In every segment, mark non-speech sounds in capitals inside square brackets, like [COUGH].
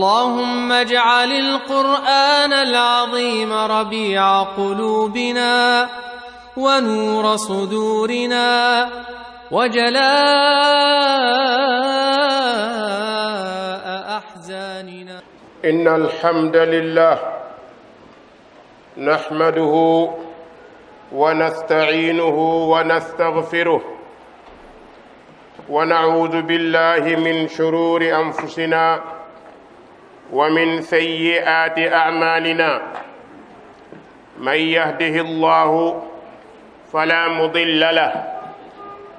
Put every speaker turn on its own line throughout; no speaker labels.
اللهم اجعل القران العظيم ربيع قلوبنا ونور صدورنا وجلاء احزاننا ان الحمد لله نحمده ونستعينه ونستغفره ونعوذ بالله من شرور انفسنا ومن سيئات أعمالنا من يهده الله فلا مضل له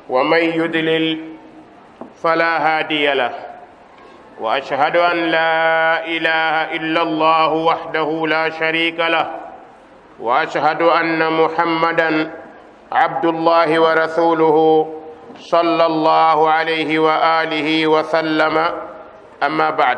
ومن
يدلل فلا هادي له وأشهد أن
لا إله إلا الله وحده لا شريك له وأشهد أن محمدا عبد الله ورسوله صلى الله عليه وآله وسلم أما بعد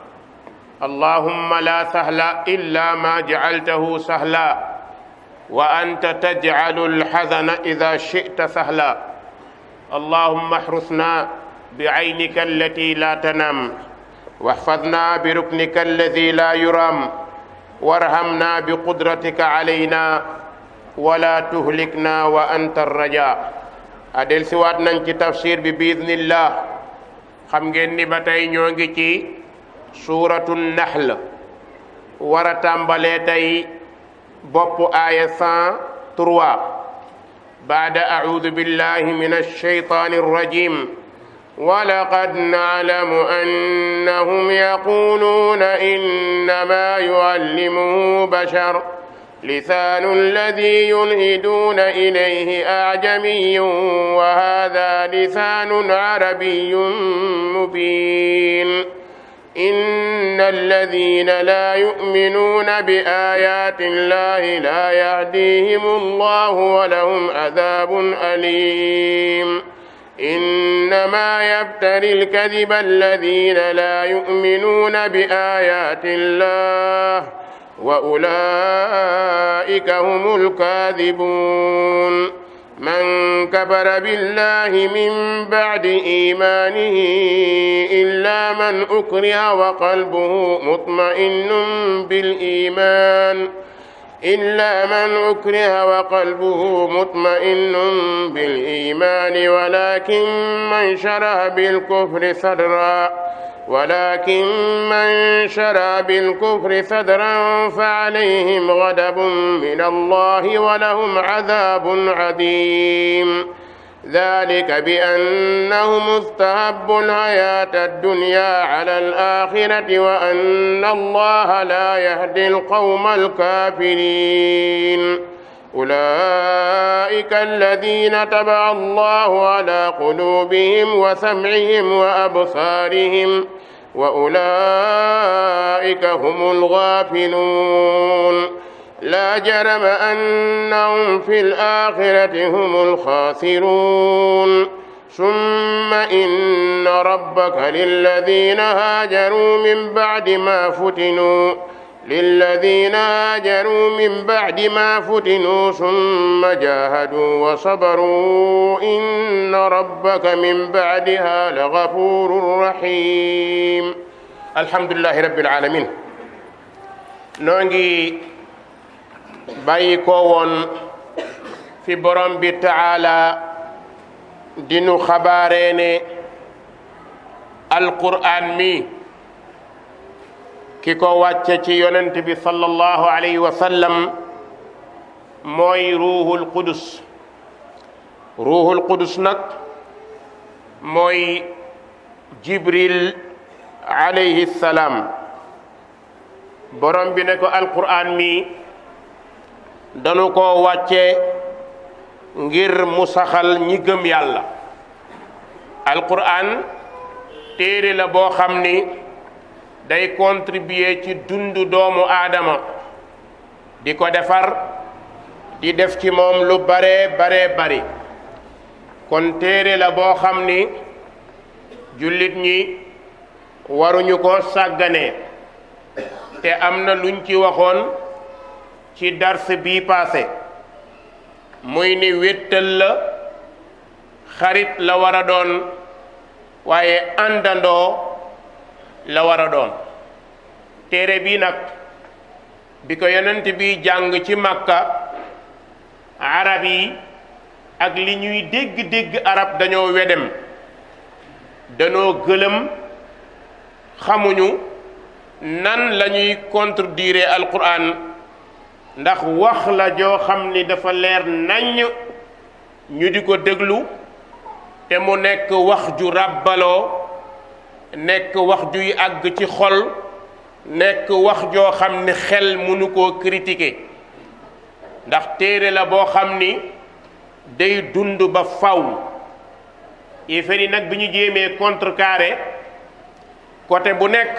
allahumma la sahla illa ma jacaltahu sahla wa anta tajcalu alxazana ida chita sahla allahumma axrusna bicaynika allati la
tanaam waxfadna biruknika alladi la yuraam warhamna biqudratika calayna wala tuhlikna wa anta arraja a del siwaat nañ ci tafsir bi biidnillah xam ngeen ni ba
tey ñoo ngi ci suuratu nahl war a tàmbalee
tey boppu aaya cent trois baada audu billahi min alshaytani arrajim ولقد نعلم أنهم يقولون إنما يعلمه بشر لسان الذي يلهدون إليه أعجمي وهذا لسان عربي مبين إن الذين لا يؤمنون بآيات الله لا يهديهم الله ولهم عذاب أليم إنما يفتري الكذب الذين لا يؤمنون بآيات الله وأولئك هم الكاذبون من كفر بالله من بعد إيمانه إلا من أكره وقلبه مطمئن بالإيمان إلا من أكره وقلبه مطمئن بالإيمان ولكن من شرح بالكفر صدرا ولكن من شرى بالكفر صدرا فعليهم غضب من الله ولهم عذاب عظيم ذلك بأنهم استهبوا الحياة الدنيا على الآخرة وأن الله لا يهدي القوم الكافرين أولئك الذين تبع الله على قلوبهم وسمعهم وأبصارهم وأولئك هم الغافلون لا جرم أنهم في الآخرة هم الخاسرون ثم إن ربك للذين هاجروا من بعد ما فتنوا للذين هاجروا من بعد ما فتنوا ثم جاهدوا وصبروا إن ربك من بعدها لغفور رحيم الحمد لله رب العالمين نونجي بايكوون في برم تعالى دينو خبارين
القرآن مي ki ko wàcce ci yonent bi sallallahu alayhi wa sallam mooy ruuhul qudus ruuhul qudus nag mooy jibril alayhi salaam borom bi ne ko alquraan mi danu ko wàcce ngir mu saxal ñi gëm yàlla alquraan téere la boo xam ni day contribuer ci dundu doomu aadama di ko defar di def ci moom lu bare bare bari kon téere la boo xam ni jullit ñi waruñu ko sàgganee te am na luñ ci waxoon ci dars bi paase muy ni wéttal la xarit la wara doon waaye àndandoo la war a doon téere bii nag bi ko yonent bi jàng ci màkka arab yi ak li ñuy dégg-dégg arab dañoo wedem dañoo gëlëm xamuñu nan lañuy ñuy diire alquran ndax wax la joo xam ni dafa leer naññ ñu di ko déglu te mu nekk wax ju ràbbaloo nekk wax juy àgg ci xol nekk wax joo xam ni xel mënu koo critiquer ndax téere la boo xam ni day dund ba faw yéefar nag bi ñu contre contrecarré côté bu nekk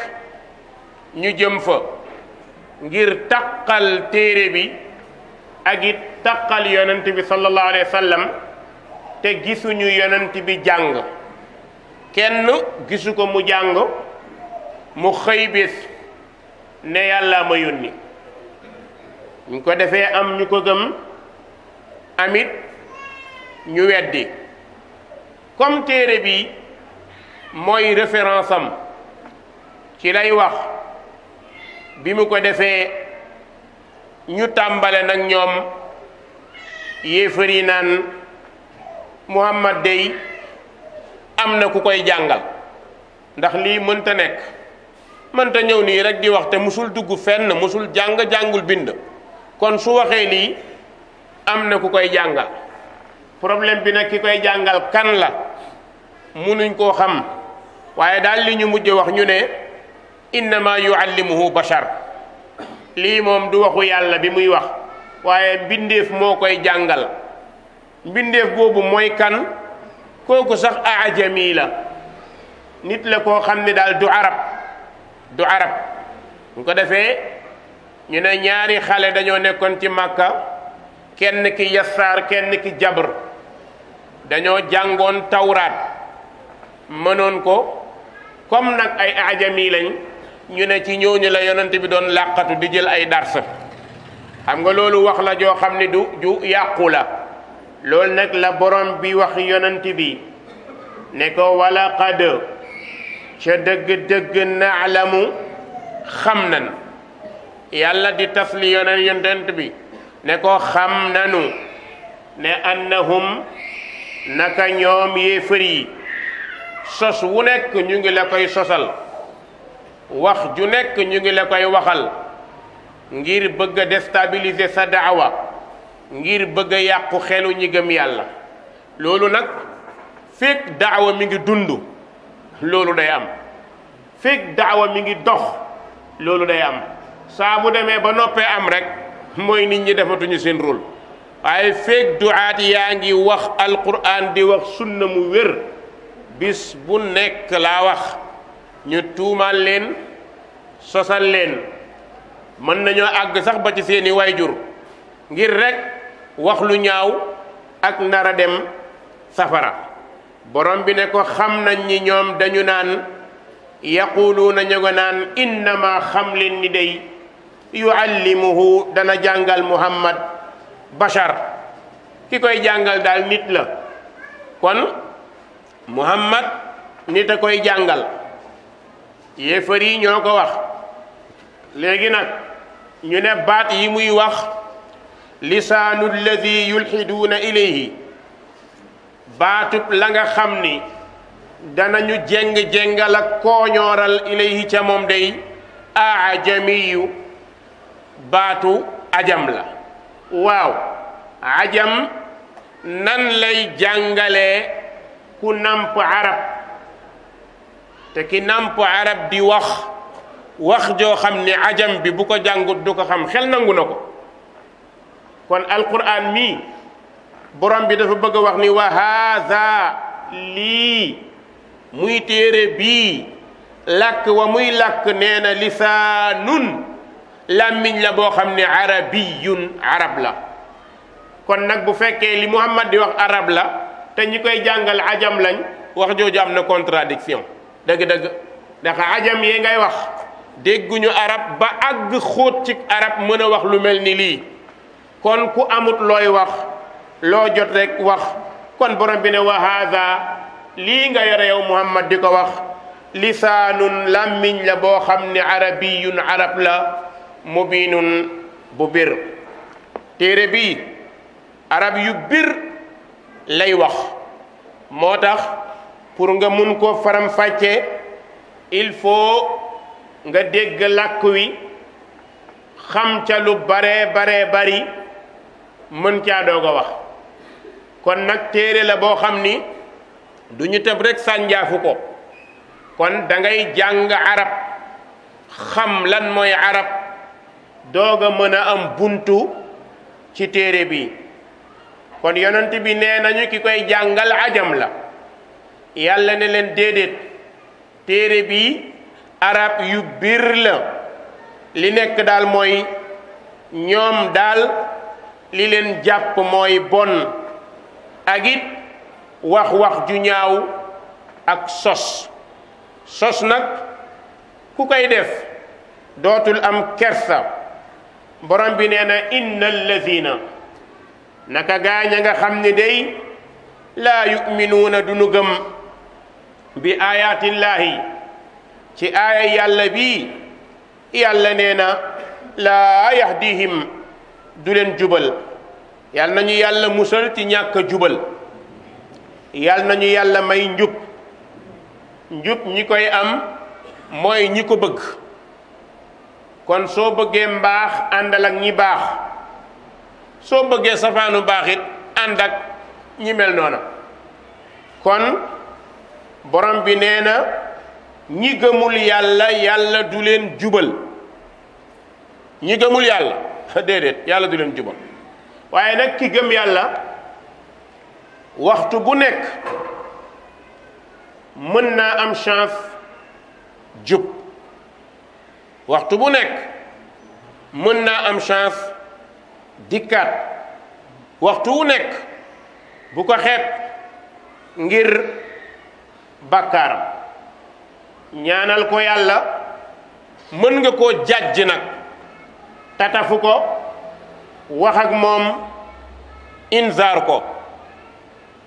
ñu jëm fa ngir taqal téere bi ak it taqal yonent bi sallallahu alayhi wa te gisuñu yonent bi jàng kenn gisu ko mu jàng mu xëy bés ne yàlla ma yónni ñu ko defee am ñu ko gëm amit ñu weddi comme téere bi mooy référence ci lay wax bi mu ko defee ñu tàmbale nag ñoom yéefar yi naan Muhammad dey am na ku koy jàngal ndax lii mënta nekk mënta ñëw nii rek di wax te musul dugg fenn musul jàng jàngul bind kon su waxee lii am na ku koy jàngal problème bi nag ki koy jàngal kan la munuñ koo xam waaye daal li ñu mujj wax ñu ne innama yuallimuhu bashar lii moom du waxu yàlla bi muy wax waaye mbindeef moo koy jàngal mbindeef boobu mooy kan kooku sax ajami la nit la koo xam ne daal du arab du arab bu ko defee ñu ne ñaari xale dañoo nekkoon ci màkka kenn ki yasaar kenn ki jabr dañoo jàngoon tawraat mënoon ko comme nag ay ajami lañ ñu ne ci ñooñu la yonent bi doon làqatu di jël ay darsa xam nga loolu wax na joo xam ne du ju yàqu la loolu nag la boroom bi wax yonent bi ne ko wala qad ca dëgg-dëgg naalamu xam nan yàlla di tasli yonen yonent bi ne ko xam nanu ne annahum naka ñoom yéefar yi sos wu nekk ñu ngi la koy sosal wax ju nekk ñu ngi la koy waxal ngir bëgg a déstabiliser sa daawa ngir bëgg a yàqu xelu ñi gëm yàlla loolu nag fekk daawa mi ngi dund loolu day am fekk daawa mi ngi dox loolu day am saa bu demee ba noppee am rekk mooy nit ñi defatuñu seen rôle waaye fekk duaat yaa ngi wax alquran di wax sunna mu wér bis bu nekk laa wax ñu tuumaal leen sosal leen mën nañoo àgg sax ba ci seeni waajur ngir rek wax lu ñaaw ak nar dem safara borom bi ne ko xam nañ ni ñoom dañu naan yaquluuna ñu nga naan innama xam leen ni day yuallimuhu dana jàngal muhammad bashar ki koy jàngal daal nit la kon muhammad nit a koy jàngal yéefar yi ñoo ko wax léegi nag ñu ne baat yi muy wax lisaanu alladi yulxiduuna ilayhi baatub la nga xam ni danañu jéng-jéngal ak kooñooral ilayhi ca moom day ajamiyu baatu ajam la waaw ajam nan lay jàngalee ku namp arab te ki namp arab di wax wax joo xam ni ajam bi bu ko jàngut du ko xam xel nangu na kon alquran mii borom bi dafa bëgg wax ni wa lii muy téere bii làkk wa muy làkk nee na nun làmmiñ la boo xam ne arabiyun arab la kon nag bu fekkee li muhammad di wax arab la te ñi koy jàngal ajam lañ wax jooju am na contradiction dëgg-dëgg ndax ajam yi ngay wax dégguñu arab ba àgg xóot ci arab mën a wax lu mel ni lii kon ku amut looy wax loo jot rek wax kon borom bi ne wa lii nga yore yow muhammad di ko wax lisaanun làmmiñ la boo xam ne arabiyun arab la mubiinun bu bir téere bii arab yu bir lay wax moo tax pour nga mun koo faramfàcce il faut nga dégg làkk wi xam ca lu bare bare bari mën caa doog wax kon nag téere la boo xam ni duñu ñu rekk rek sànjaafu ko kon dangay jàng arab xam lan mooy arab doog a mën a am buntu ci téere bi kon yonent bi nee nañu ki koy jàngal ajam la yàlla ne leen déedéet téere bi arab yu biir la li nekk daal mooy ñoom daal li leen jàpp mooy bon agit wax-wax ju ñaaw ak sos sos nag ku koy def dootul am kersa borom bi nee na inna alladina naka gaañ a nga xam ni day laa yuminuuna du gëm bi aayatillaahi ci aaya yàlla bii yàlla nee na laa yahdihim du leen jubal yàlla nañu yàlla musal ci ñàkk a jubal yàlla nañu yàlla may njub njub ñi koy am mooy ñi ko bëgg kon soo bëggee mbaax àndal ak ñi baax soo bëggee safaanu baax it ànd ak ñi mel noona kon borom bi nee na ñi gëmul yàlla yàlla du leen jubal ñi gëmul yàlla [LAUGHS] déedéet yàlla du leen jubal waaye nag ki gëm yàlla waxtu bu nekk mën naa am chance jub waxtu bu nekk mën na am chance dikkaat waxtu wu nekk bu ko xeeb ngir bàkkaaram ñaanal ko yàlla mën nga ko jàjj nag tatafu ko wax moom inzaar ko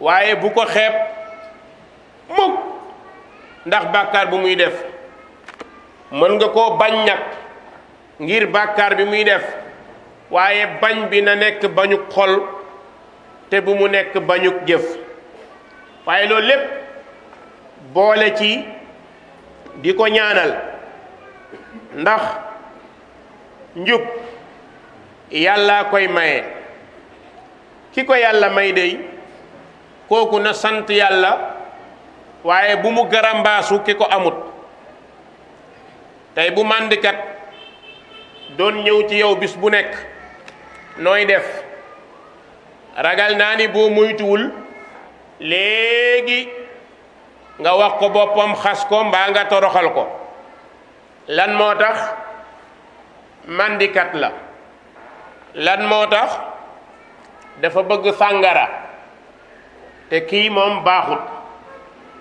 waaye bu ko xeeb mukk ndax bàkkaar bu muy def mën nga koo bañ nag ngir bàkkaar bi muy def waaye bañ bi na nekk bañu xol te bu mu nekk bañu jëf waaye loolu lépp boole ci di ko ñaanal ndax njub yàllaa koy maye ki ko yàlla may dey kooku na sant yàlla waaye bu mu garambaasu ki ko amut tey bu màndikat doon ñëw ci yow bis bu nekk nooy def ragal naa ni boo muytuwul léegi nga wax ko boppam xas ko mbaa nga toroxal ko lan moo tax màndikat la lan moo tax dafa bëgg sàngara te kii moom baaxut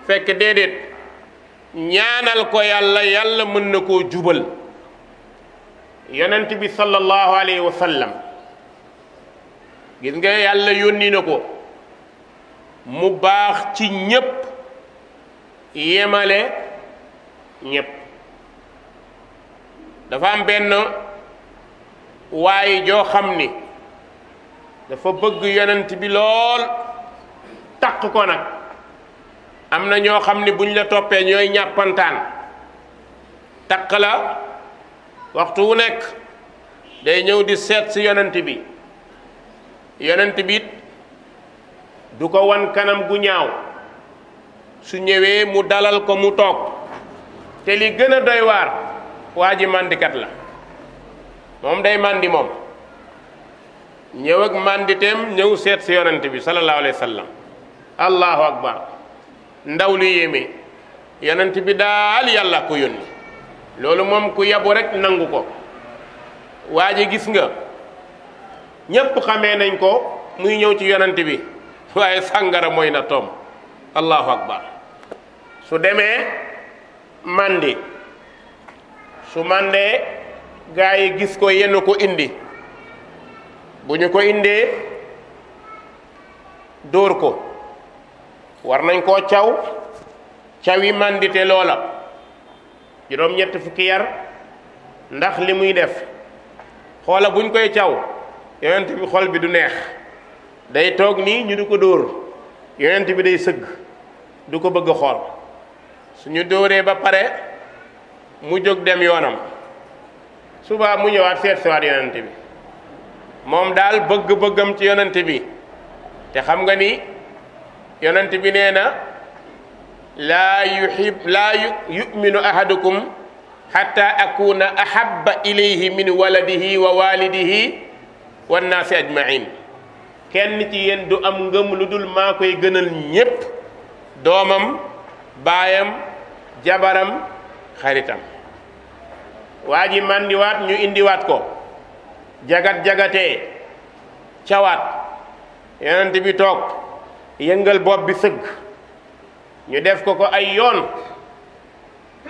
fekk déedéet ñaanal ko yàlla yàlla mën na koo jubal yonent bi sallallahu alayhi wa gis nga yàlla yónni na ko mu baax ci ñépp yemale ñépp dafa am benn waaye joo xam ni dafa bëgg yonent bi lool takk ko nag am na ñoo xam ni buñ la toppee ñooy ñàppantaan takk la waxtu wu nekk day ñëw di seet ci yonent bi yonent bi it du ko wan kanam gu ñaaw su ñëwee mu dalal ko mu toog te li gën a doy waar waa ji màndikat la moom day màndi moom ñëw ak mànditeem ñëw seet si yonent bi sallallahu alayhi wa sallam allahu akbar ndaw lu yéeme yonent bi daal yàlla ko yónni loolu moom ku yabu rek nangu ko waa ji gis nga ñépp xamee nañ ko muy ñëw ci yonent bi [LAUGHS] waaye sàngara mooy na toom allahu akbar su demee màndi su màndee gaa yi gis ko yenn ko indi bu ñu ko indee dóor ko war nañ koo caw cawi mandite loola juróom ñett fukki yar ndax li muy def xoola buñ koy caw yonent bi xol bi du neex day toog nii ñu di ko dóor yonent bi day sëgg du ko bëgg xool ñu dóoree ba pare mu jóg dem yoonam subaa mu ñëwaat seet siwaat bi moom daal bëgg-bëggam ci yonente bi te xam nga ni yonente bi nee na laa yuhib laa yuminu ahadukum xatta akuna ahaba ilayhi min waladihi wa walidihi wannaasi ajmain kenn ci yéen du am ngëm lu dul maa koy gënal ñépp doomam baayam jabaram xaritam waa ji mandiwaat ñu indiwaat ko jagat-jagatee cawaat yonent bi toog yëngal bopp bi sëgg ñu def ko ko ay yoon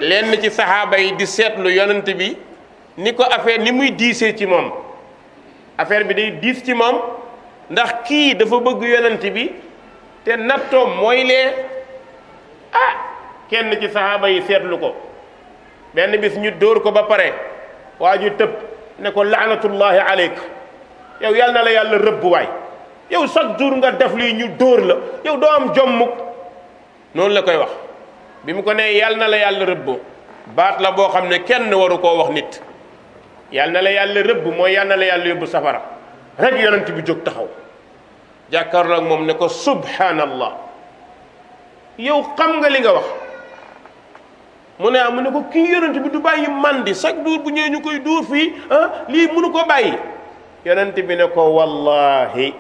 lenn ci saxaaba yi di seetlu yonent bi ni ko affaire ni muy diise ci moom affaire bi day diis ci moom ndax kii dafa bëgg yonent bi te nattoom mooy lee ah kenn ci saxaaba yi seetlu ko benn bis ñu dóor ko ba pare waa ju tëb ne ko laanatullahi aleyk yow yal na la yàlla rëbb waay yow chaque jour nga def lii ñu dóor la yow doo am jommuk noonu la koy wax bi mu ko nee yal na la yàlla rëbb baat la boo xam ne kenn waru koo wax nit yal na la yàlla rëbb mooy yal na la yàlla yóbbu safara rek yonent bi jóg taxaw jàkkaarloo ak moom ne ko subhanallah yow xam nga li nga wax mu ne ah mu ne ko kii yonent bi du bàyyi mandi chaque jour bu ñëwee ñu koy dóor fii ah lii mënu ko bàyyi yonent bi ne ko wallahi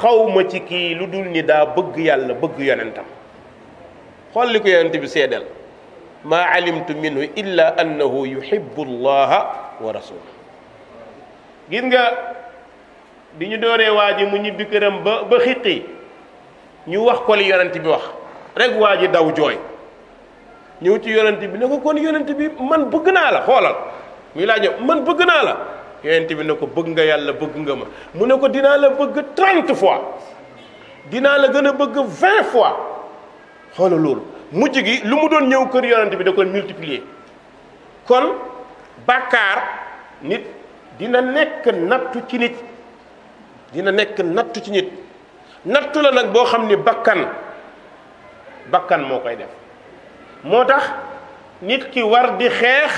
xaw ma ci kii lu dul ni daa bëgg yàlla bëgg yonentam xool li ko yonent bi seedeel maa alimtu minhu illa annahu yuhibbu allaha wa rasulahu gis nga di ñu dooree waa ji mu ñibbi këram ba ba xiqi ñu wax ko li yonent bi wax rek waa ji daw jooy ñëw ci yonent bi ne ko kon yonent bi man bëgg naa la xoolal muy laaj man bëgg naa la yonent bi ne ko bëgg nga yàlla bëgg nga ma mu ne ko dinaa la bëgg trente fois dinaa la gën a bëgg vingt fois xoolal loolu mujj gi lu mu doon ñëw kër yonent bi da ko multiplier kon bàkkaar nit dina nekk nattu ci nit dina nekk nattu ci nit nattu la nag boo xam ni bakkan bakkan moo koy def moo tax nit ki war di xeex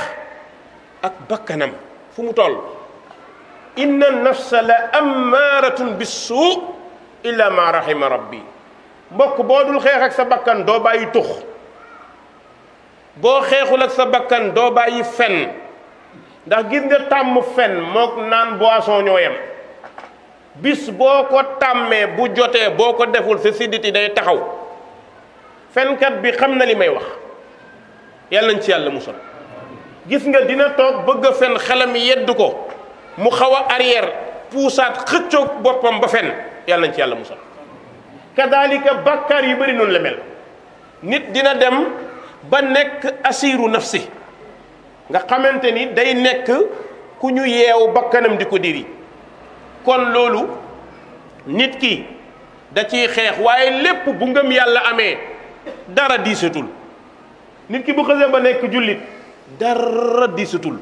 ak bakkanam fu mu toll inna nafsa la ammaaratun bissuu illa ma rahima bi mbokk boo dul xeex ak sa bakkan doo bàyyi tux boo xeexul ak sa bakkan doo bàyyi fen ndax gis nga tàmm fen mook naan boisson ñoo bis boo ko tàmmee bu jotee boo ko deful sa siddit day taxaw fenkat bi xam na li may wax yàlla nañ ci yàlla musal gis nga dina toog bëgg a xelam yedd ko mu xaw a arrière puusaat xëccoog boppam ba fen yàlla nañ ci yàlla musal kadalika bàkkaar yu bëri noonu la mel nit dina dem ba nekk asiru nafsi nga xamante ni day nekk ku ñu yeew bakkanam di ko diri kon loolu nit ki da ciy xeex waaye lépp bu ngëm yàlla amee dara diisatul nit ki bu xësee ba nekk jullit dara diisatul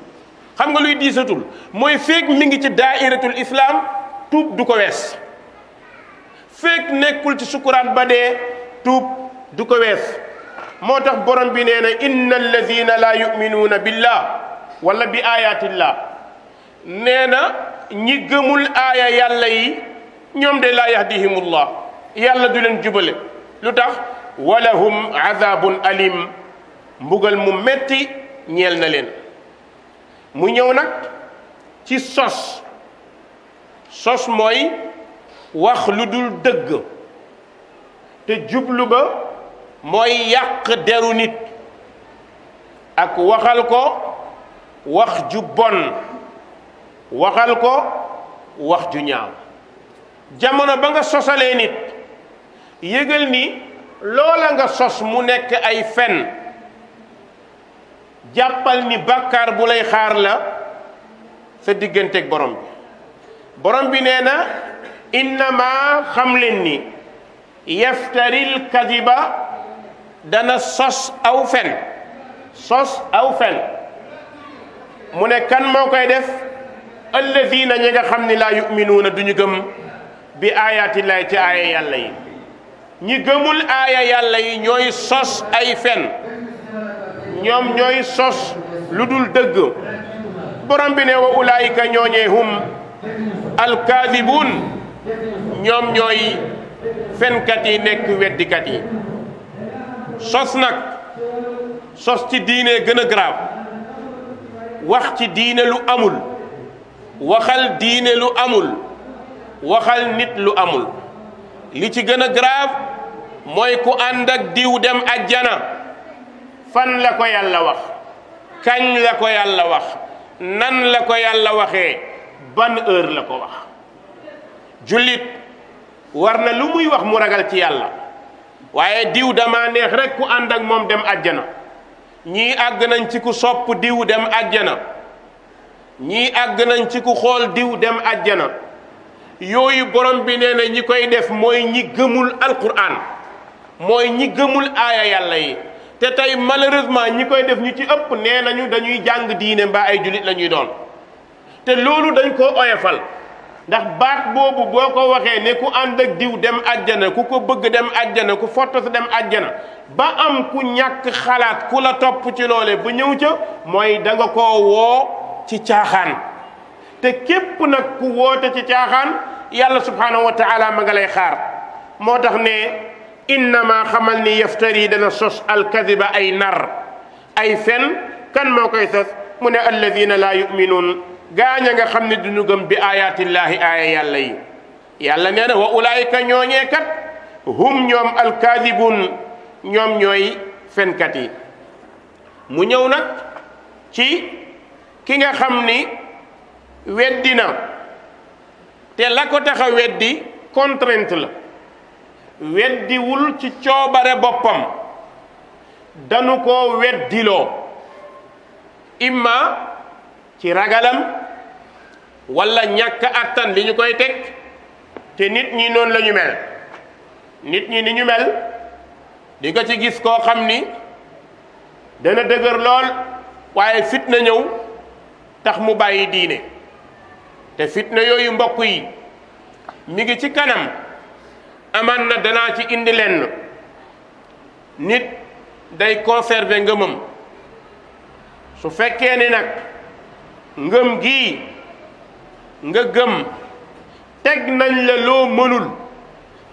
xam nga luy diisatul mooy feeg mi ngi ci daairatul islam tuub du ko wees feeg nekkul ci sukkuraan ba dee tuub du ko wees moo tax borom bi nee na inna alladina laa yuminuuna billah wala bi ayatillah nee na ñi gëmul aaya yàlla yi ñoom de laa yahdihimullah yàlla du leen jubale lu tax walahum azabun alim mbugal mu metti ñeel na leen mu ñëw nag ci sos sos mooy wax lu dul dëgg te jublu ba mooy yàq deru nit ak waxal ko wax ju bon waxal ko wax ju ñaaw jamono ba nga sosalee nit yëgal ni loola nga sos mu nekk ay fenn jàppal ni bàkkaar bu lay xaar la sa digganteek borom bi borom bi nee na innama xam leen ni yaftaril kadiba dana sos aw fen sos aw fen mu ne kan moo koy def na ñi nga xam ni laa yuminuuna duñu gëm bi aayatillahi ci aaya yàlla yi ñi gëmul aaya yàlla yi ñooy sos ay fen ñoom ñooy sos lu dul dëgg borom bi ne wa ulaayika alkaadibuun ñoom ñooy fenkat yi nekk weddikat yi sos nag sos ci diine gën a grave wax ci diine lu amul waxal diine lu amul waxal nit lu amul li ci gën a grave mooy ku ànd ak diw dem ajjana fan la ko yàlla wax kañ la ko yàlla wax nan la ko yàlla waxee ban heure la ko wax jullit war na lu muy wax mu ragal ci yàlla waaye diw dama neex rek ku ànd ak moom dem àjjana ñii àgg nañ ci ku sopp diw dem àjjana ñii àgg nañ ci ku xool diw dem àjjana yooyu borom bi nee na ñi koy def mooy ñi gëmul alquran mooy ñi gëmul aaya yàlla yi te tey malheureusement ñi koy def ñu ci ëpp nee nañu dañuy jàng diine mbaa ay julit la ñuy doon te loolu dañ ko oyofal ndax baat boobu boo ko waxee ne ku ànd ak diw dem àjjana ku ko bëgg dem àjjana ku fotos dem àjjana ba am ku ñàkk xalaat ku la topp ci loole bu ñëw ca mooy danga nga koo woo ci caaxaan te képp nag ku woote ci caaxaan yàlla subhanahu wa taala ma nga lay xaar moo tax ne ma xamal ni yaftari dana sos alkadiba ay nar ay fen kan moo koy sos mu ne alladina laa yuminuun gaañ nga xam ne duñu gëm bi ayatillaahi aaya yàlla yi yàlla nee na wa ulaayika ñooñee kat hum ñoom alkaadibuun ñoom ñooy fenkat yi mu ñëw nag ci ki nga xam ni weddi na te la ko tax weddi contrainte la weddiwul ci coobare boppam danu ko weddiloo imma ci ragalam walla ñàkk àttan li ñu koy teg te nit ñi noon lañu mel nit ñi ni ñu mel di nga ci gis koo xam ni dana dëgër lool waaye fitna ñëw tax mu bàyyi diine te fitna yooyu mbokk yi mu ngi ci kanam amaan na danaa ci indi lenn nit day conserver ngëmam su fekkee ni nag ngëm gi nga gëm teg nañ la loo mënul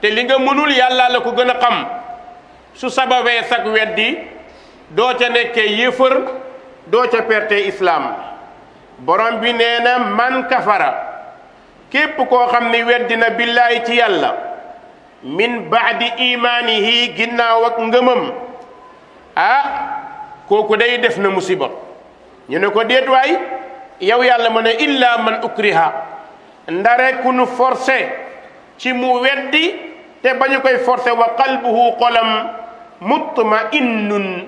te li nga mënul yàlla la ko gën a xam su sababee sag weddi doo ca nekkee yéefar doo ca pertee islaam borom bi nee na man kafara képp koo xam ni weddi na billaay ci yàlla min baadi imaanihi ginnaaw ak ngëmam ah kooku day def na musiba ñu ne ko déet waay yow yàlla ma ne illa man ukriha ndare ku nu forcé ci mu weddi te bañu koy forcé wa qalbuhu xolam mutma'innun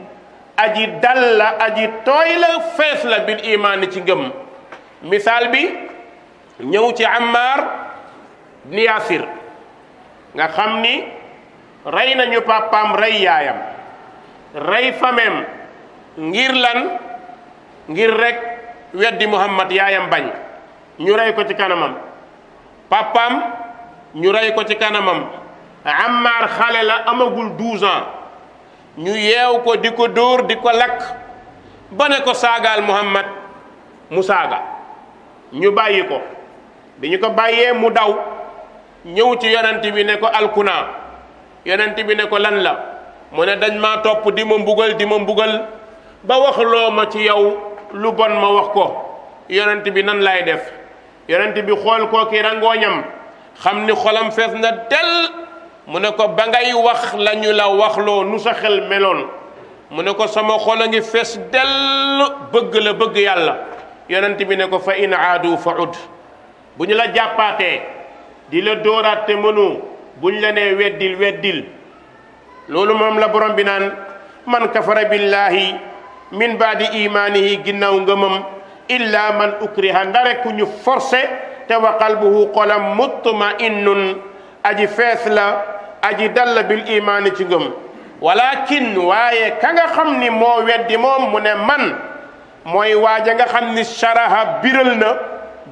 aji dal la aji tooy la fees la bil imaani ci ngëm misaal bi ñëw ci Ammar ibn Yaasir nga xam ni rey nañu papaam rey yaayam rey fameem ngir lan ngir rek weddi Muhammad yaayam bañ ñu rey ko ci kanamam papaam ñu rey ko ci kanamam Ammar xale la amagul douze ñu yeew ko di ko dóor di ko lakk ba ne ko saagaal Muhammad mu saaga ñu bàyyi ko bi ñu ko bàyyee mu daw ñëw ci yonent bi ne ko alkunaa yonent bi ne ko lan la mu ne dañ ma topp di ma mbugal di ma mbugal ba waxloo ma ci yow lu bon ma wax ko yonent bi nan laay def yonent bi xool koo ki xam ni xolam fees na del mu ne ko ba ngay wax la ñu la waxloo nu sa xel meloon mu ne ko sama xol a ngi fees del bëgg la bëgg yàlla yonent bi ne ko fa in aadu fa ud bu ñu la jàppaatee di la dóoraat te mënu buñ la nee weddil weddil loolu moom la borom bi naan man kafara billahi min baadi imaanihi ginnaaw ngëmam illa man ukriha ndare ku ñu forcé te wa qalbuhu xolam mutma'innun aji fees la aji dalla bil imaani ci ngëm walakin waaye ka nga xam ni moo weddi moom mu ne man mooy waaja nga xam ni sharaha biral na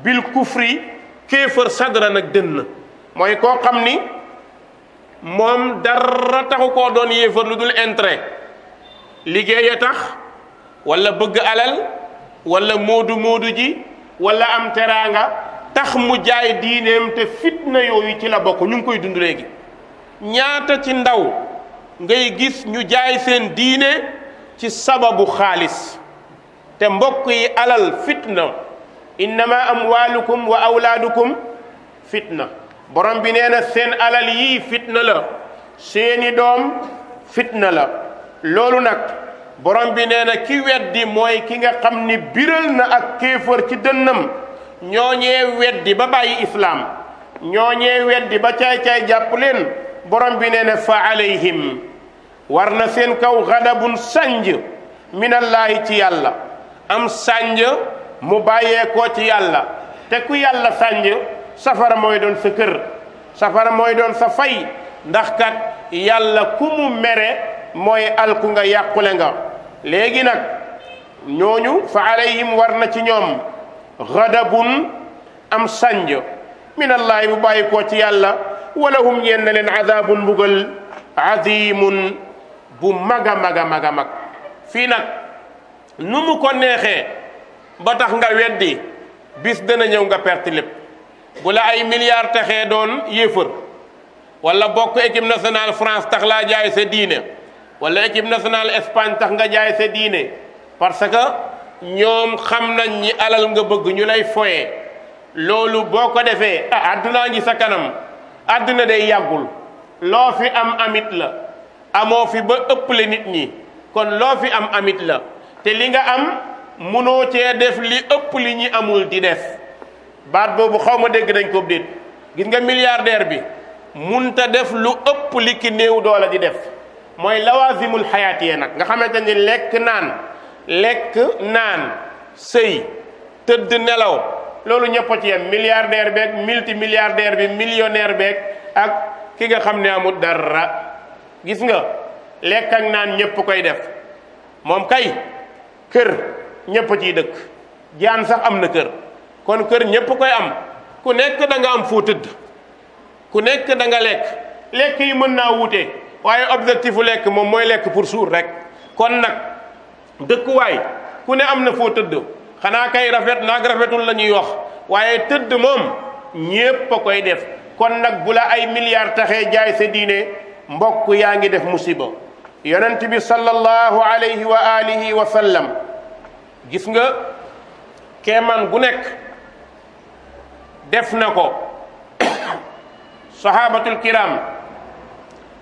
bil kufri kéefër sadra nag dënn mooy koo xam ni moom dara taxu ko doon yéefar lu dul intérêt liggéey a tax wala bëgg alal walla moodu moodu ji wala am teraanga tax mu jaay diineem te fitna yooyu ci la bokk ñu ngi koy dund léegi ñaata ci ndaw ngay gis ñu jaay seen diine ci sababu xaalis te mbokk yi alal fitna innama amwalukum wa awlaadukum fitna borom bi nee na seen alal yii fitna la seeni doom fitna la loolu nag borom bi nee na ki weddi mooy ki nga xam ni biral na ak kéefër ci dënnam ñooñee weddi ba bàyyi islaam ñooñee weddi ba caay-caay jàpp leen borom bi nee na fa alayhim war na seen kaw xadabun sànj minallaahi ci yàlla am sànj mu bàyyeekoo ci yàlla te ku yàlla sànj safara mooy doon sa kër safara mooy doon sa fay ndax kat yàlla ku mu mere mooy alku nga yàqule nga léegi nag ñooñu fa alayhim war na ci ñoom xadabun am sànj min allaahi bu bàyyikoo ci yàlla walahum ñeen na leen azabun mbugal azimun bu mag a mag fii nag nu mu ko neexee ba tax nga weddi bis dana ñëw nga perte lépp bu la ay milliards taxee doon yéefar wala bokk équipe nationale France tax laa jaay sa diine wala équipe nationale Espagne tax nga jaay sa diine parce que ñoom xam nañ ñi alal nga bëgg ñu lay foye loolu boo ko defee ah àddunaa ngi sa kanam àdduna day yàggul loo fi am amit la amoo fi ba ëpple nit ñi kon loo fi am amit la te li nga am munoo cee def li ëpp li ñuy amul di def baat boobu xaw ma dégg nañ ko déet gis nga milliardaire bi munta def lu ëpp li ki néew doole di def mooy lawaasimul xayaat yee nag nga xamante ni lekk naan lekk naan sëy tëdd nelaw loolu ñëpp a ci yem milliardaire beeg multimilliardaire bi millionnaire beeg ak ki nga xam ni amul dara gis nga lekk ak naan ñëpp koy def moom kay kër ñépp ciy dëkk jaan sax am na kër kon kër ñépp koy am ku nekk da nga am foo tëdd ku nekk da nga lekk lekk yi mën naa wuute waaye objectif lekk moom mooy lekk pour suur rek kon nag dëkkuwaay ku ne am na foo tëdd xanaa kay rafet naag rafetul la ñuy wax waaye tëdd moom ñépp a koy def kon nag bu la ay milliards taxee jaay sa diine mbokk yaa ngi def musiba yonent bi sallallahu alayhi wa alihi wa sallam gis nga keemaan gu nekk def na ko sahabatul kiram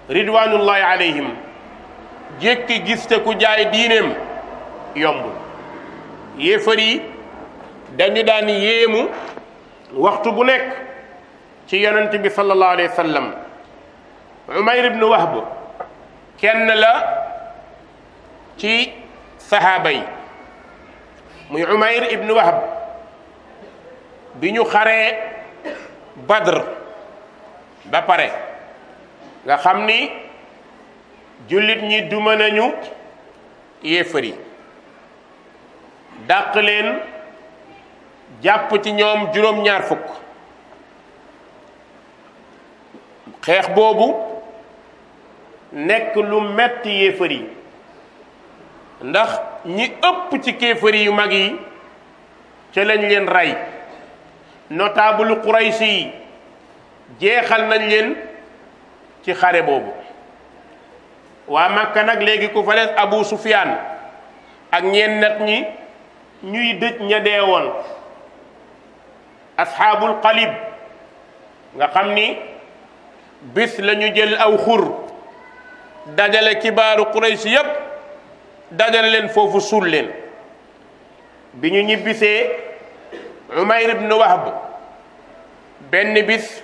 ridwanullahi alayhim jékki gis te ku jaay diineem yombul yéefar yi dañu daan yéemu waxtu bu nekk ci yonent bi sallallahu alayhi wa sallam wahb kenn la ci sahaaba muy umayr ibnu wahab bi ñu xaree badr ba pare nga xam ni jullit ñi duma nañu yéefar yi dàq leen jàpp ci ñoom juróom-ñaar fukk xeex boobu nekk lu metti yéefar yi ndax ñi ëpp ci kéefari yu mag yi ci lañ leen rey notable Quraysi yi jeexal nañ leen ci xare boobu waa Makka nag léegi ku fa des Abu Sufyaan ak ñeen nag ñi ñuy dëj ña deewoon asxaabul qalib nga xam ni bis lañu jël aw xur dajale kibaaru Quraysi yépp dajale leen foofu suul leen bi ñu ñibbisee Umayr ibn Wahb benn bis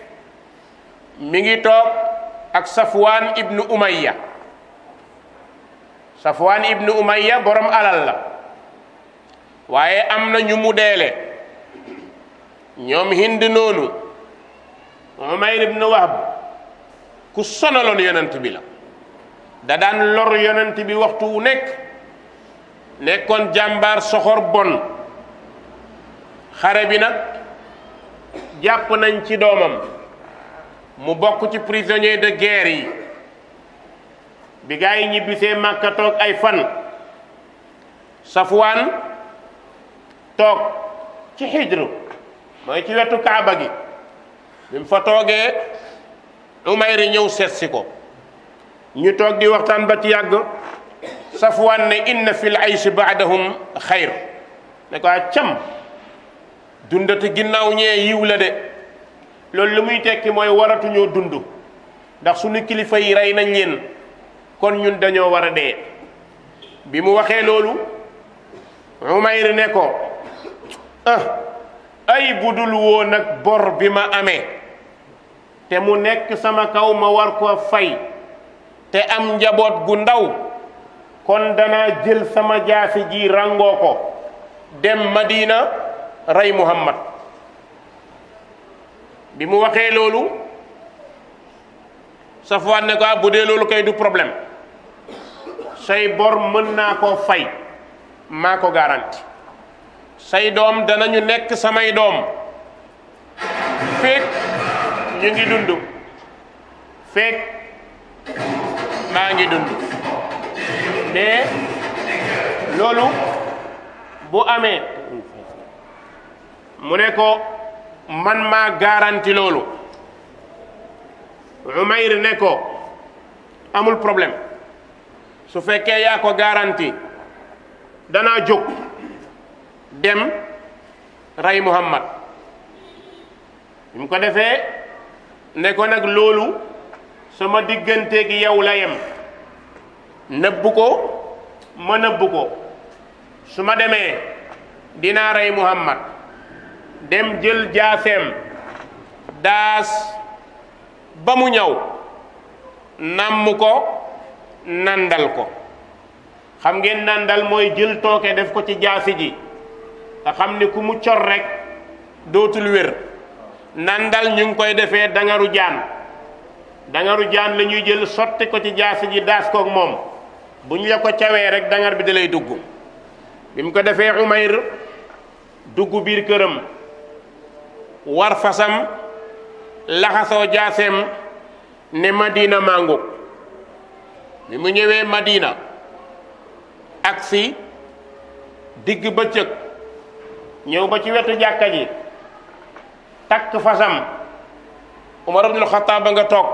mi ngi toog ak Safwaan ibnu Umayya Safwaan ibnu Umayya borom alal la waaye am na ñu mu deele ñoom Hind noonu Umayr ibn Wahb ku sonaloon yonent bi la da daan lor yonent bi waxtu wu nekk nekkoon jàmbaar soxor bon xare bi nag jàpp nañ ci doomam mu bokk ci prisonnier de guerre yi bi gaa yi ñibbisee Màkka ay fan Safwaan toog ci xijru mooy ci wetu Kaaba gi bi mu fa toogee Umayr ñëw seetsi ko ñu toog di waxtaan ba ci yàgg safwaan ne inna fil ayshi baadahum xayr ne ko ah, cam dundati ginnaaw ñee yiw de loolu li muy tekki mooy waratuñu dund ndax suñu kilifa yi rey na leen kon ñun dañoo war a dee bi mu waxee loolu Umayr ne ko ah ay budul woon ak bor bi ma amee te mu nekk sama kaw ma war ko fay te am njaboot gu ndaw kon danaa jël sama jaasi ji ràngoo ko dem Madina rey Muhammad bi mu waxee loolu Safwaan ne ko ah, bu dee loolu kay du problème say bor mën naa koo fay maa ko garanti say doom danañu nekk samay doom fekk ñu ngi dund fekk maa ngi dund mais loolu bu amee mu ne ko man maa garanti loolu Umayr ne ko amul problème su fekkee yaa ko garanti danaa jóg dem rey Muhammad bi mu ko defee ne ko nag loolu sama digganteeg yow la yem nëbbu ko ma nëbbu ko su ma demee dinaa rey Muhammad dem jël jaaseem daas ba mu ñëw nàmm ko nandal ko xam ngeen nàndal mooy jël tooke def ko ci jaasi ji nga xam ni ku mu cor rek dootul wér nandal ñu ngi koy defee dangaru jaan dangaru jaan la ñuy jël sotti ko ci jaasi ji daas koog moom bu ñu la ko cawee rek dangar bi da lay dugg bi mu ko defee Umayr dugg biir këram war fasam laxasoo jaaseem ne Madina màngu bi mu ñëwee Madina agsi digg bëccëg ñëw ba ci wetu jàkka ji takk fasam Umar ibnul Xattaab ba nga toog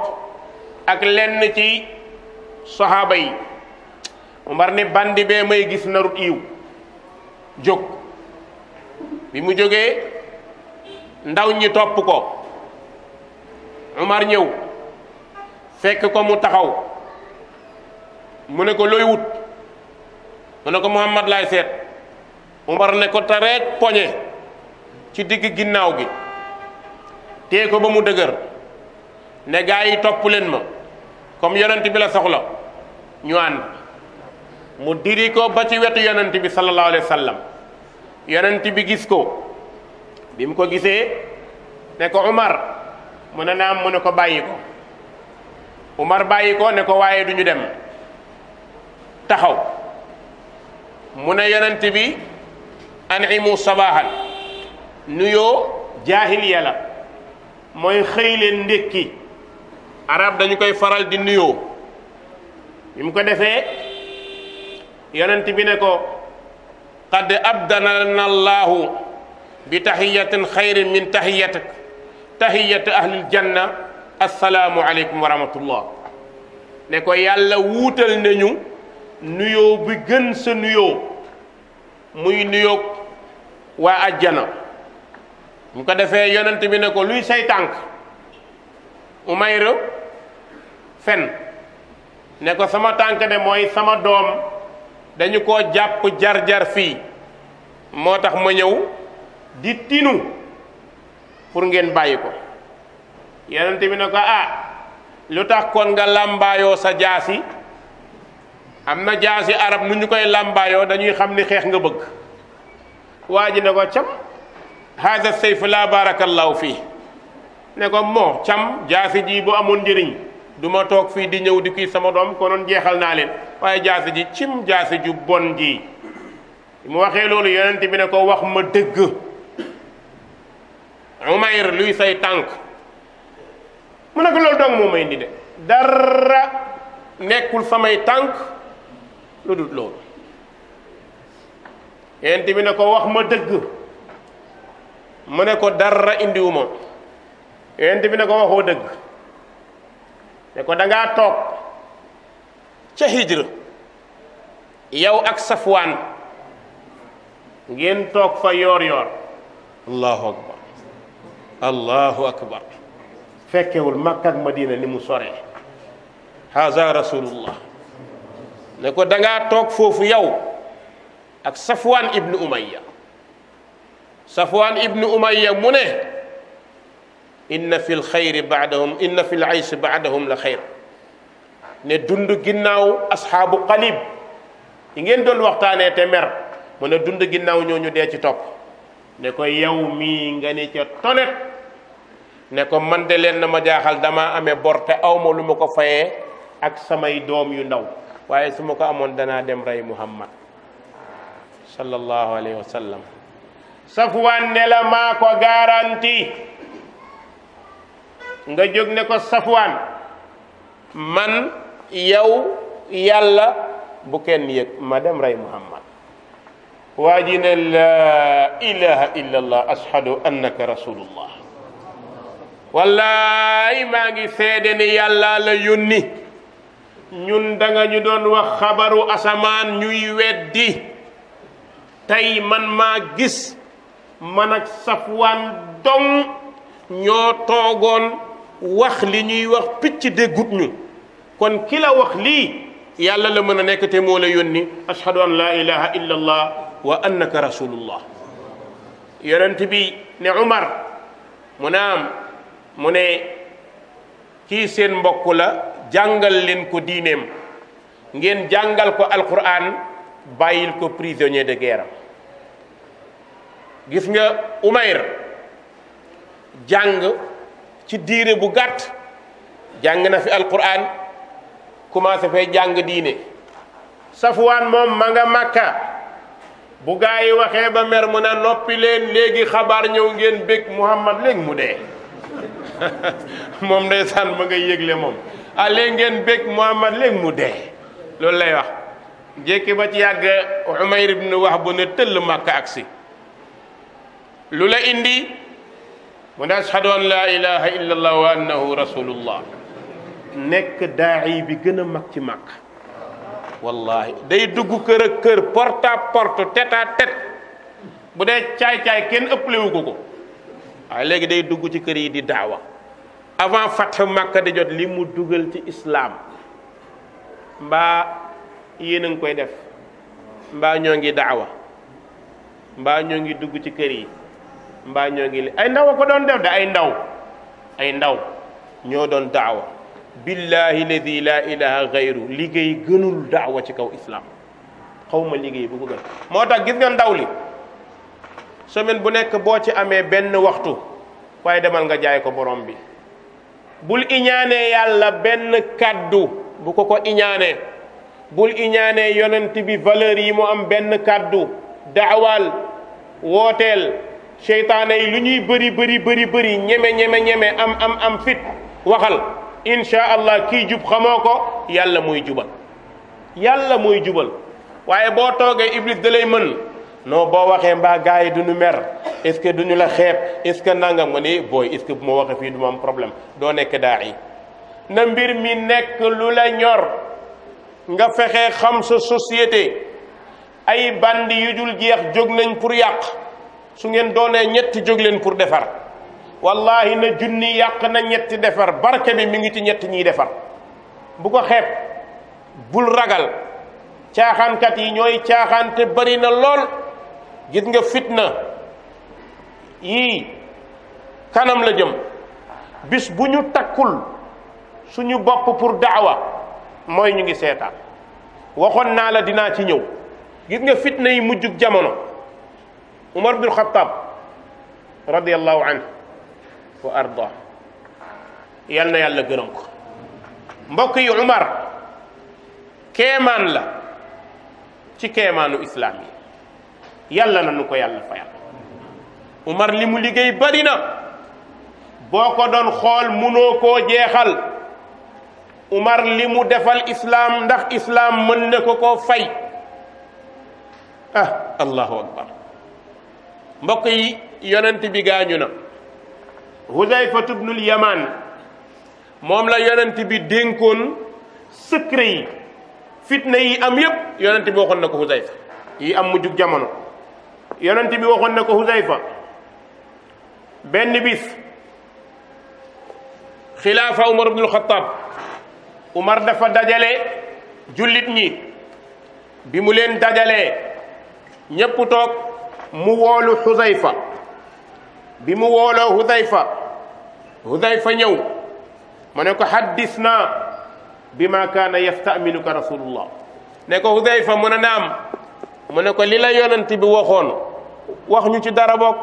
ak lenn ci soxaaba yi Omar ne bandi bee may gis narut yiw jóg bi mu jógee ndaw ñi topp ko Omar ñëw fekk ko mu taxaw mu ne ko looy wut mu ne ko Muhammad laay seet Omar ne ko tareet poñe ci digg ginnaaw gi tee ko ba mu dëgër ne gaa yi topp leen ma comme yonent bi soxla ñu ànd mu diri ko ba ci wetu yonent bi sallallahu alayhi wa sallam yonent bi gis ko bi mu ko gisee ne ko Umar mu ne naam mu ne ko bàyyi ko Umar bàyyi ko ne ko waaye duñu dem taxaw mu ne yonent bi an'imu sabahan nuyoo jaahiliya la mooy xëy leen ndékki arab dañu koy faral di nuyoo bi mu ko defee yonent bi ne ko qad abdanana allahu bi tahiyatin xayrin min tahiyatik tahiyatu ahlil janna assalaamu aleykum wa rahmatullah ne ko yàlla wuutal nañu nuyoo bi gën sa nuyoo muy nuyoog waa ajjana mu ko defee yonent bi ne ko luy say tànk umayra fen ne ko sama tànk de mooy sama doom dañu ko jàpp jar-jar fii moo tax ma ñëw di tinu pour ngeen bàyyi ko yonent bi ne ko ah lu tax kon nga làmbaayoo sa jaasi am na jaasi arab nu ñu koy làmbaayoo dañuy xam ni xeex nga bëgg waa ji ne ko cam haada sayf la barakallahu fii ne ko moo cam jaasi ji bu amoon njëriñ du ma toog fii di ñëw di kii sama doom konoon jeexal naa leen waaye jaasi ji cim jaasi ju bon ji mu waxee loolu yonent bi ne ko wax ma dëgg Umayr luy say tànk mu ne ko may indi dara nekkul samay tànk dul loolu ko wax ma dëgg mu ne ko dara indiwu ma yonent bi ne ko waxoo dëgg ne ko da ngaa toog ca hijra yow ak safwaan ngeen toog fa yoor yoor allahu akbar allahu akbar fekkewul makka ak madina ni mu sore haza rasulullah ne ko dangaa toog foofu yow ak safwaan ibnu umayya safwaan ibnu umayya mu ne inna fil xayri baadahum inna fil aysi baadahum la xayr ne dund ginnaaw asxaabu qalib yi ngeen doon waxtaanee te mer mu ne dund ginnaaw ñooñu dee ci topp ne ko yow mii nga ne ca tonet ne ko man de leen na ma jaaxal dama ame bor te awma lu ma ko fayee ak samay doom yu ndaw waaye su ma ko amoon danaa dem rey muhammad sallallahu alayhi wa sallam safwaan ne la maa ko garanti nga jóg ne ko safwaan man yow yàlla bu kenn yëg ma dem rey muhammad waa ji ne laa ilaha illa allah ashhadu wallaay maa ngi seede ne yàlla la yónni ñun da ñu doon wax xabaru asamaan ñuy weddi tey man maa gis man ak safwaan dong ñoo toogoon wax li ñuy wax picc déggut ñu kon ki la wax lii yàlla la mën a nekk te moo la yónni ashhadu an laa ilaha illa wa annaka rasulullah yonent bi ne umar mu ne am mu ne kii seen mbokk la jàngal leen ko diineem ngeen jàngal ko alquran bàyyil ko prisonnier de guerre gis nga umayr jàng ci diire bu gàtt jàng na fi alquran commencé fay jàng diine safuwaan moom ma nga màkka bu gaa yi waxee ba mer mu ne noppi leen léegi xabaar ñëw ngeen bég muhammad léegi mu dee [LAUGHS] moom ndeysaan ma nga yëgle moom ah ngeen bég muhammad léegi mu dee loolu lay wax jékki ba ci yàgg Umayr wax Wahb ne tëll màkka aksi lu la indi mu ne ashhadu an laa ilaha illa allah wa annahu rasulullah nekk daayi bi gën a mag ci màkk wallahi day dugg kër ak kër porte à porte tête bu dee caay-caay kenn ëppalewu ko ko waaye léegi day dugg ci kër yi di daawa avant fatxe màkk di jot li mu dugal ci islaam mbaa yéen a ngi koy def mbaa ñoo ngi daawa mbaa ñoo ngi dugg ci kër yi mbaa ñoo ngi li ay ndaw a ko doon def de ay ndaw ay ndaw ñoo doon daawa billahi ladi la ilaha gayru liggéey gënul daawa ci kaw islam xawma liggéey bu ko gën moo tax gis nga ndaw li semaine bu nekk boo ci amee benn waxtu waaye demal nga jaay ko borom bi bul iñaanee yàlla benn kàddu bu ko ko iñaanee bul iñaanee yonent bi valeur yi mu am benn kàddu daawal wooteel seytaane yi lu ñuy bëri bëri bëri bëri ñeme ñeme ñeme am am am fit waxal incha allah kii jub xamoo ko yàlla muy jubal yàlla mooy jubal waaye boo toogee iblis da lay mën noo boo waxee mbaa gars yi duñu mer est-ce que duñu la xeeb est-ce que nangam nga ni booy est-ce que bu ma waxee fii du ma am problème doo nekk daa yi na mbir mi nekk lu la ñor nga fexe xam sa société ay band yu dul jeex jóg nañ pour yàq su ngeen doonee ñetti jóg leen pour defar wallahi na junni yàq na ñetti defar barke bi mi ngi ci ñett ñiy defar bu ko xeeb bul ragal caaxaankat yi ñooy caaxaan te bari na lool gis nga fitna yii kanam la jëm bis bu ñu takkul suñu bopp pour daawa mooy ñu ngi seetaan waxoon naa la dinaa ci ñëw gis nga fitna yi mujjug jamono Umar bin Xattaab radiyallahu anhu wa arda yal na yàlla gërëm ko mbokk yi Umar keemaan la ci keemaanu islaam yi yàlla na nu ko yàlla fayal Umar li mu liggéey bari na boo ko doon xool munoo koo jeexal Umar li mu defal islaam ndax islaam mën na ko koo fay ah allahu akbar mbokk yi yonent bi gaañu na Huzayfatu bnul Yamaan moom la yonent bi dénkoon secret yi fitna yi am yépp yonent bi waxoon na ko Huzayfa yi am mujjug jamono yonent bi waxoon na ko Huzayfa benn bis xilaafa Umar bnul Xattaab Umar dafa dajale jullit ñi bi mu leen dajalee ñépp toog mu woolu xudayfa bi mu wooloo xudayfa xudayfa ñëw ma ne ko haddis bi ma kaana yastaminuka rasulullah ne ko xudayfa mu ne naam mu ne ko li la bi waxoon wax ñu ci dara bokk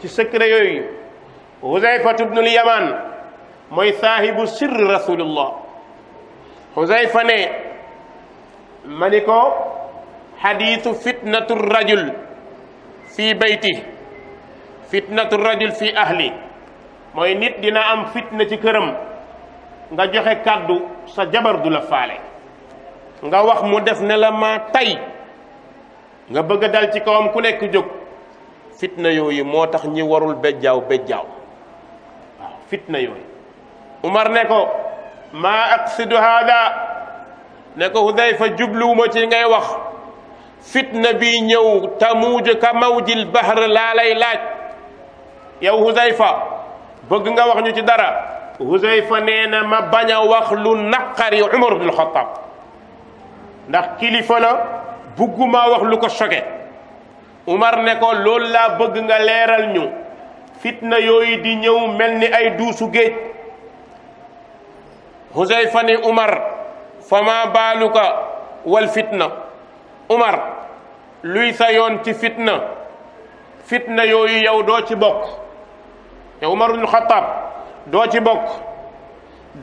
ci secret yooyu xudayfatu bnul yaman mooy saahibu sirri rasulullah xudayfa ne ma ni fitnatu rajul fii bayti fitnatu rajul fii ahli mooy nit dina am fitna ci këram nga joxe kàddu sa jabar du la faale nga wax mu def ne la ma tay nga bëgg a dal ci kawam ku nekk jóg fitna yooyu moo tax ñi warul bejjaaw bejjaaw waaw fitna yooyu Umar ne ko maa aqsidu haada ne ko Hudayfa jubluwuma ci ngay wax fitna bi ñëw tamuuj ka mawjil bahr laa lay laaj yow Huzayfa bëgg nga wax ñu ci dara Huzayfa nee na ma bañ wax lu naqari Umar ibn Khattab ndax kilifa la bëgguma wax lu ko choqué Umar ne ko loolu laa bëgg nga leeral ñu fitna yooyu di ñëw mel ni ay duusu géej Huzayfa ni Umar fa maa baaluka wal fitna Umar luy sa yoon ci fitna fitna yooyu yow doo ci bokk yow Umar ibnul Xattaab doo ci bokk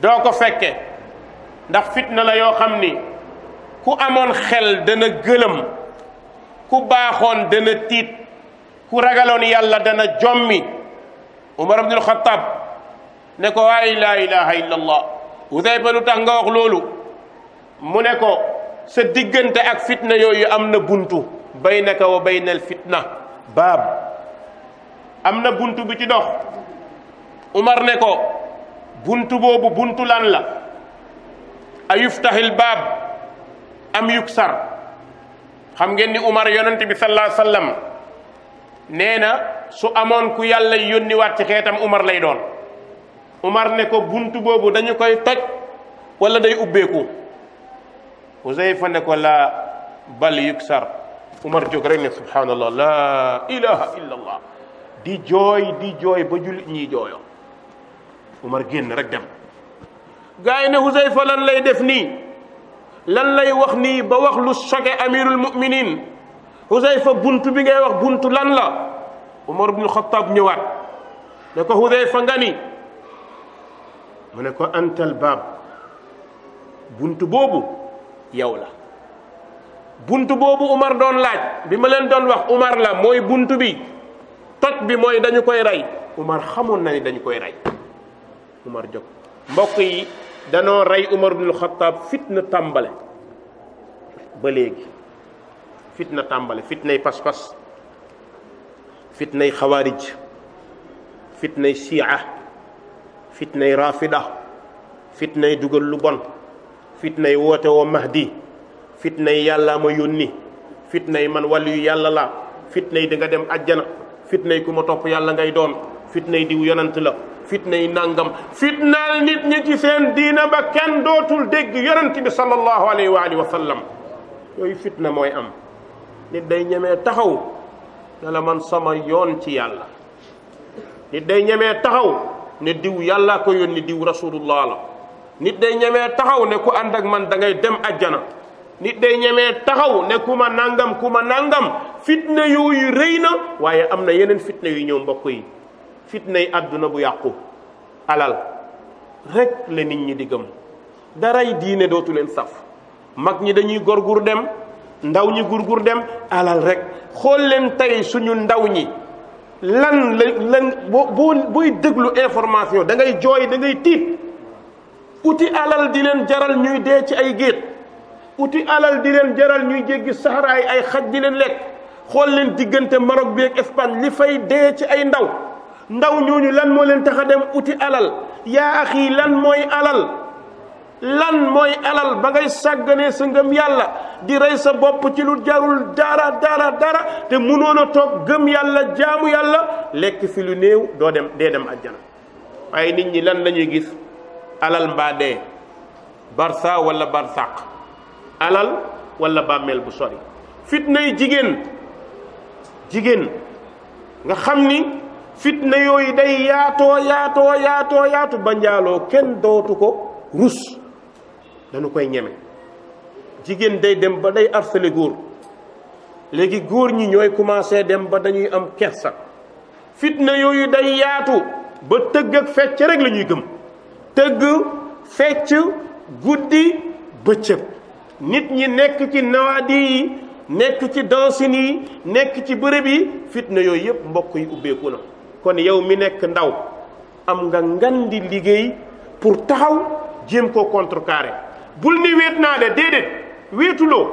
doo ko fekke ndax fitna la yoo xam ni ku amoon xel dana gëlëm ku baaxoon dana tiit ku ragaloon yàlla dana jommi Umar ibnul Xattaab ne ko waaye laa ilaha illa allah Hudayfa lu nga wax loolu mu ne ko sa diggante ak fitna yooyu am na buntu baynaka wa baynal fitna baab am na bunt bu ci dox Umar ne ko buntu boobu buntu lan la a yuftaxil baab am yuksar xam ngeen ni Umar yonent bi sallallahu alayhi wa sallam nee na su amoon ku yàlla yónniwaat ci xeetam Umar lay doon Umar ne ko bunt boobu dañu koy toj wala day ubbeeku Uzayfa ne ko laa bal yuksar Umar jóg rek ne subhaanallah laa ilaha illa allah di jooy di jooy ba jullit ñiy jooyoo Umar génn rek dem gaa yi ne la lan lay def nii lan lay wax ni ba wax lu choqué amirul muminin Uzayfa buntu bi ngay wax buntu lan la Umar ibnul Xattaab ñëwaat ne ko Uzayfa nga ni mu ne ko antal baab buntu boobu yow la buntu boobu Umar doon laaj bi ma leen doon wax Umar la mooy buntu bi toj bi mooy dañu koy rey Umar xamoon na ni dañu koy rey Umar jóg mbokk yi danoo rey Umar ibnul Xattaab fitna tàmbale ba léegi fitna tàmbale fitnay pas-pas fitnay xawaarij fitnay siica fitnay raafida fitnay dugal lu bon fitnay woote woo mahdi fitnay yàllaa ma yónni yi man wàllu yàlla la fitnay di nga dem ajjana fitnay ku ma topp yàlla ngay doon fitnay diw yonant la fitnay nangam fitnaal nit ñi ci seen diina ba kenn dootul dégg yonant bi sallallahu alayhi wa alihi wa fitna mooy am nit day ñemee taxaw ne la man sama yoon ci yàlla nit day ñemee taxaw ne diw yàllaa ko yónni diw rasulullah la nit day ñemee taxaw ne ku ànd ak man dangay ngay dem ajjana nit day ñemee taxaw ne ku ma nangam ku ma nangam fitna yooyu rëy na waaye am na yeneen fitna yu ñëw mbokk yi fitna yi àdduna bu yàqu alal rek la nit ñi di gëm daray diine dootu leen saf mag ñi dañuy gorgur dem ndaw ñi gurgur dem alal rekk xool leen tey suñu ndaw ñi lan la lan boo booy déglu information da ngay jooy dangay ngay tiit uti alal di leen jaral ñuy dee ci ay géej uti alal di leen jaral ñuy jéggi saxaraay ay xaj di leen lekk xool leen diggante Maroc bi ak Espagne li fay dee ci ay ndaw ndaw ñooñu lan moo leen tax a dem uti alal yaa axi lan mooy alal lan mooy alal ba ngay sàgganee sa ngëm yàlla di rey sa bopp ci lu jarul dara dara dara te mënoon a toog gëm yàlla jaamu yàlla lekk fi lu néew doo dem dee dem àjjana waaye nit ñi lan lañuy gis alal mbaa dee barsa wala barsaq alal wala bàmmeel bu sori fitnay jigéen jigéen nga xam ni fitna yooyu day yaatoo yaatoo yaatoo yaatu ba njaaloo kenn dootu ko rus dañu koy ñeme jigéen day dem ba day harcelé góor léegi góor ñi ñooy commencé dem ba dañuy am kersa fitna yooyu day yaatu ba tëgg ak fecc rek la ñuy gëm tëgg fecc guddi bëccëg nit ñi nekk ci nawaadi yi nekk ci dansin yi nekk ci bërëb yi fitna yooyu yëpp mbokk yi ubbeeku na kon yow mi nekk ndaw am nga ngan di liggéey pour taxaw jéem koo contrecarrer bul ni wéet naa de déedéet wéetuloo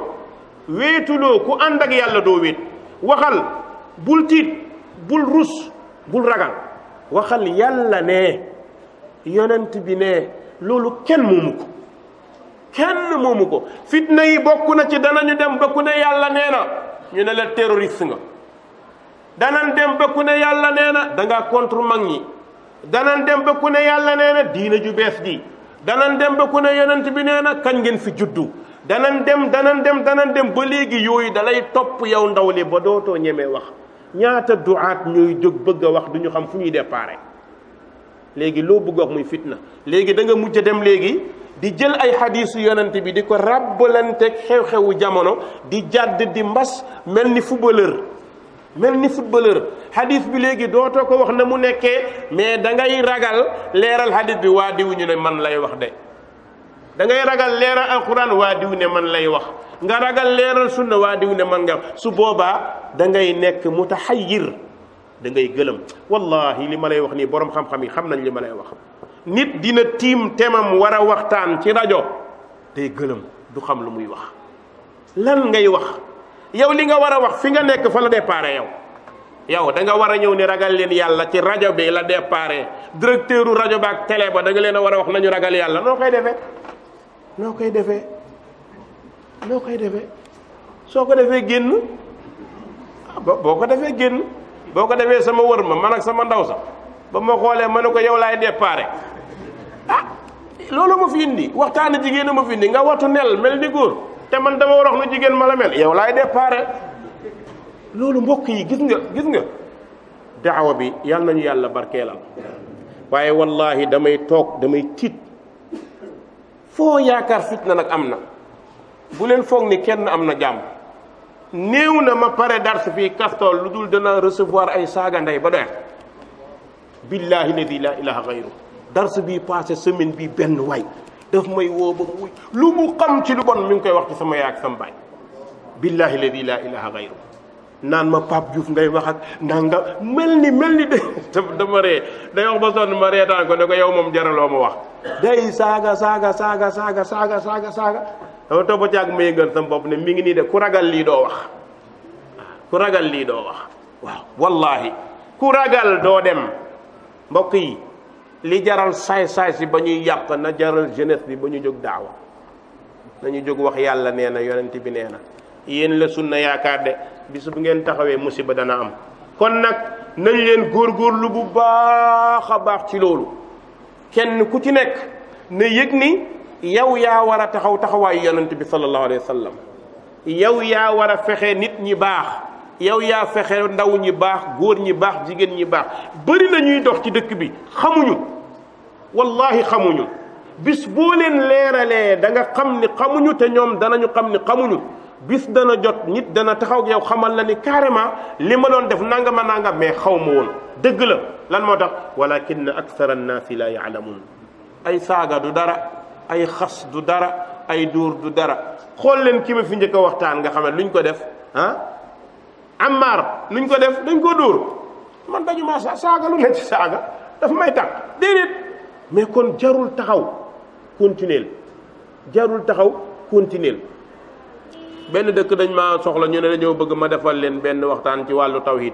wéetuloo ku ànd ak yàlla doo wéet waxal bul tiit bul rus bul ragal waxal yàlla ne yonent bi ne loolu kenn moomu ko kenn moomu ko fitna yi bokk na ci danañu dem ba ku ne yàlla nee na ñu ne la terroriste nga danan dem ba ku ne yàlla nee na da ngaa mag ñi danan dem ba yàlla nee na diina ju bees ji danan dem ba ku ne yonent bi nee na kañ ngeen fi juddu danan dem danan dem danan dem ba léegi yooyu dalay topp yow ndaw li ba dootoo ñemee wax ñaata duaat ñooy jóg bëgg wax duñu xam fu ñuy déparé léegi loo bëgg wax muy fitna léegi danga mujj dem léegi di jël ay su yonent bi di ko ràbbalanteeg xew-xewu jamono di jàdd di mbas mel ni footballeur mel ni footballeur xadiis bi léegi dootoo ko wax na mu nekkee mais da ngay ragal leeral xadiis bi waa diwuñu ne man lay wax de da ngay ragal leeral alquran waa diw ne man lay wax nga ragal leeral sunna waa diw ne man nga su boobaa da ngay nekk mutaxayir da ngay gëlëm wallahi li ma lay wax nii boroom xam-xam yi xam nañ li ma lay wax nit dina tiim temam war a waxtaan ci rajo day gëlëm du xam lu muy wax lan ngay wax yow li nga war a wax fi nga nekk fa la déparé yow yow da nga war a ñëw ni ragal leen yàlla ci rajo bi la déparé directeuru rajo ba ak télé ba da leen a war a wax nañu ragal yàlla noo koy defee noo koy defee noo koy defe soo ko defee génn ah, boo ko defee génn boo ko defee sama wër ma man ak sama ndaw sax ba ma xoolee ma ne ko yow laay déparé ah loolu ma fi indi waxtaane jigéen a ma fi indi nga wattu nel mel ni góor te man dama wax nu jigéen ma la mel yow laay déparé loolu mbokk yi gis nga gis nga daawa bi yàlla nañu yàlla barkeelal waaye wallaahi damay toog damay tiit foo yaakaar fitna nag am na bu foog ni kenn am na jàmm néew na ma pare dars fii kaftool lu dul dana recevoir ay saaga ndey ba doy billahi ladi la ilaha gayru dars bii passé semaine bi benn waay daf may woo ba muy lu mu xam ci lu bon mi ngi koy wax sama yaay ak sama baay billahi ladi la ilaha gayru naan ma Pape Diouf ngay wax ak nanga mel ni mel ni de dama ree day wax ba sonn ma reetaan ko ne ko yow moom jaraloo ma wax day saaga saaga saaga saaga saaga saaga saaga dama toog ba caag ma yëgal sama bopp ne mi ngi nii de ku ragal lii doo wax ku ragal lii doo wax waaw wallahi ku ragal doo dem mbokk yi li jaral saay-saay si ba ñuy yàq na jaral jeunesse bi ba ñu jóg daawa nañu jóg wax yàlla nee na yonent bi nee na yéen la sunna yaakaar de bis bu ngeen taxawee musiba dana am kon nag nañ leen góor góorgóorlu bu baax a baax ci loolu kenn ku ci nekk na yëg ni yow yaa war a taxaw taxawaayu yonent bi sallallahu alayhi wa sallam yow yaa war a fexe nit ñi baax yow yaa fexe ndaw ñi baax góor ñi baax jigéen ñi baax bari na ñuy dox ci dëkk bi xamuñu wallahi xamuñu bis boo leen leeralee da nga xam ni xamuñu te ñoom danañu xam ni xamuñu bis dana jot nit dana taxaw ak xamal la ni carrément li ma doon def nangama nangam mais xaw ma woon dëgg la lan moo tax walakin akthara annaasi la yaalamuun ay saaga dara ay xas du dara ay dóor du dara xool leen ki ma fi njëkk a waxtaan nga xam ne luñ ko def ah Ammar luñ ko def dañ ko dóor man dañu ma sa saaga lu ne ci saaga dafa may tax déedéet mais kon jarul taxaw continuer jarul taxaw continuer benn dëkk dañ ma soxla ñu ne dañoo bëgg ma defal leen benn waxtaan ci wàllu tawhid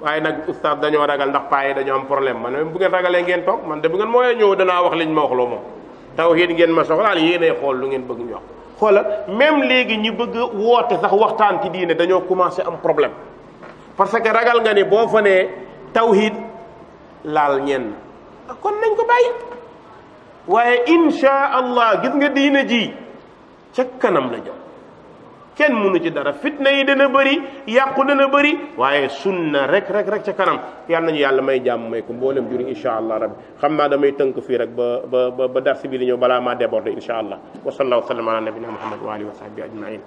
waaye nag oustaz dañoo ragal ndax paa yi dañoo am problème man bu ngeen ragalee ngeen toog man de bu mooy mooyee ñëw danaa wax liñ ma loo moom tawhid ngeen ma soxlaal yéenay xool lu ngeen bëgg ñu wax xoolal même léegi ñi bëgg woote sax waxtaan ci diine dañoo commencé am problème parce que ragal nga ni boo fa nee tawhid laal ñenn kon nañ ko bàyyi waaye insha allah gis nga diine ji ca kanam la jot kenn mënu ci dara fitna yi dana bëri yàqu dana bëri waaye sunna rek rek rek ca kanam yàlla nañu yàlla may jàmm may ko mboolem juri incha allah rabbi xam naa damay tënk fii rek ba ba ba ba darsi bi di balaa maa déborder incha allah wa sallallahu wa sallam ala nabina muhammad wa alihi wa sahbi ajmain